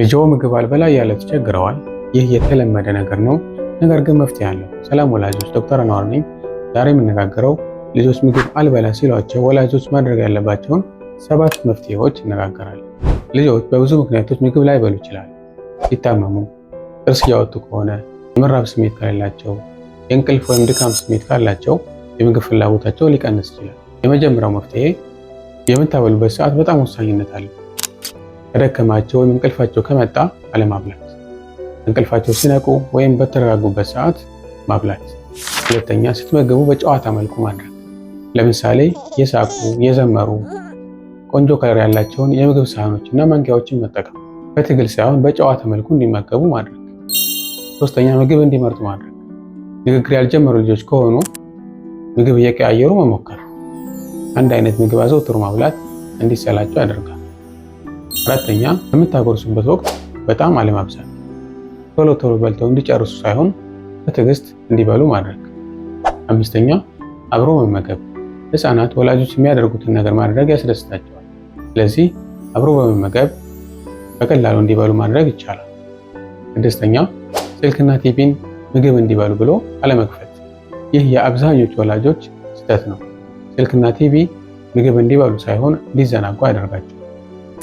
ልጆ ምግብ አልበላ እያለ ተቸግረዋል። ይህ የተለመደ ነገር ነው፣ ነገር ግን መፍትሄ አለው። ሰላም ወላጆች፣ ዶክተር አኗር ነኝ። ዛሬ የምነጋገረው ልጆች ምግብ አልበላ ሲሏቸው ወላጆች ማድረግ ያለባቸውን ሰባት መፍትሄዎች ይነጋገራል። ልጆች በብዙ ምክንያቶች ምግብ ላይበሉ ይችላሉ። ሲታመሙ፣ ጥርስ እያወጡ ከሆነ፣ የምራብ ስሜት ከሌላቸው፣ የእንቅልፍ ወይም ድካም ስሜት ካላቸው የምግብ ፍላጎታቸው ሊቀንስ ይችላል። የመጀመሪያው መፍትሄ የምታበሉበት ሰዓት በጣም ወሳኝነት አለው። ከደከማቸው ወይም እንቅልፋቸው ከመጣ አለማብላት፣ እንቅልፋቸው ሲነቁ ወይም በተረጋጉበት ሰዓት ማብላት። ሁለተኛ፣ ስትመገቡ በጨዋታ መልኩ ማድረግ። ለምሳሌ የሳቁ የዘመሩ ቆንጆ ከለር ያላቸውን የምግብ ሳህኖች እና ማንኪያዎችን መጠቀም፣ በትግል ሳይሆን በጨዋታ መልኩ እንዲመገቡ ማድረግ። ሶስተኛ፣ ምግብ እንዲመርጡ ማድረግ። ንግግር ያልጀመሩ ልጆች ከሆኑ ምግብ እየቀያየሩ መሞከር። አንድ አይነት ምግብ አዘውትሮ ማብላት እንዲሰላቸው ያደርጋል። አራተኛ በምታጎርሱበት ወቅት በጣም አለማብዛት፣ ቶሎ ቶሎ በልተው እንዲጨርሱ ሳይሆን በትዕግስት እንዲበሉ ማድረግ። አምስተኛ አብሮ መመገብ። ህፃናት ወላጆች የሚያደርጉትን ነገር ማድረግ ያስደስታቸዋል። ስለዚህ አብሮ በመመገብ በቀላሉ እንዲበሉ ማድረግ ይቻላል። ስድስተኛ ስልክና ቲቪን ምግብ እንዲበሉ ብሎ አለመክፈት። ይህ የአብዛኞቹ ወላጆች ስህተት ነው። ስልክና ቲቪ ምግብ እንዲበሉ ሳይሆን እንዲዘናጉ ያደርጋቸው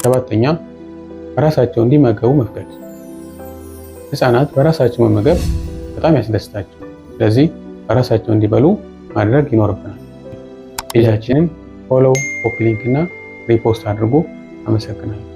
ሰባተኛ በራሳቸው እንዲመገቡ መፍቀድ። ህፃናት በራሳቸው መመገብ በጣም ያስደስታቸው። ስለዚህ በራሳቸው እንዲበሉ ማድረግ ይኖርብናል። ፔጃችንን ፎሎው፣ ኮፒ እና ሪፖስት አድርጎ አመሰግናለሁ።